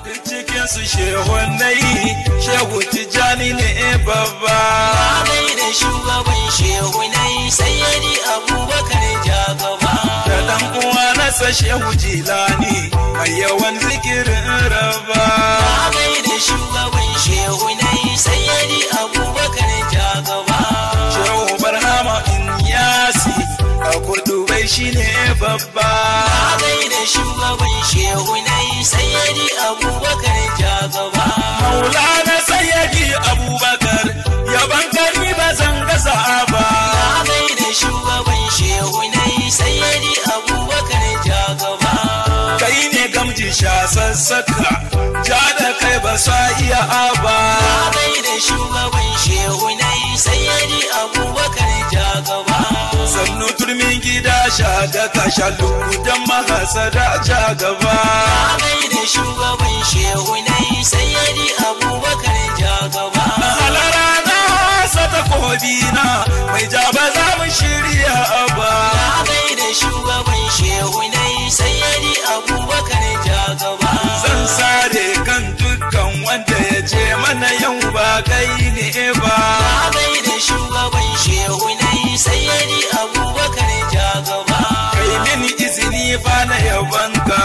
duk cikin su shehunai shehu tijani ne e babba mai da shugaban shehunai sayyidi abubakar jagaba da dan uwa nasa shehu jilani mai yawan zikirin raba mai da shugaban shehunai sayyidi abubakar jagaba shehu barhama in yasi a shi shine e babba mai da shugaban sha sassaka ja da kai ba sa iya aba bai da shugaban shehu na yi sayyari abubakar ja gaba sannu turmin gida sha daka sha don mahasada ja gaba bai da shugaban shehu na yi sayyari abubakar ja gaba halara na sata kodina mai ja ba za mu shirya aba. Zan sare kan dukkan wanda ya je mana yau ba kai ne ba. Ba da shugaban shehu na yi sayyari abubakar ja gaba. Kai mini izini ba na yabanka.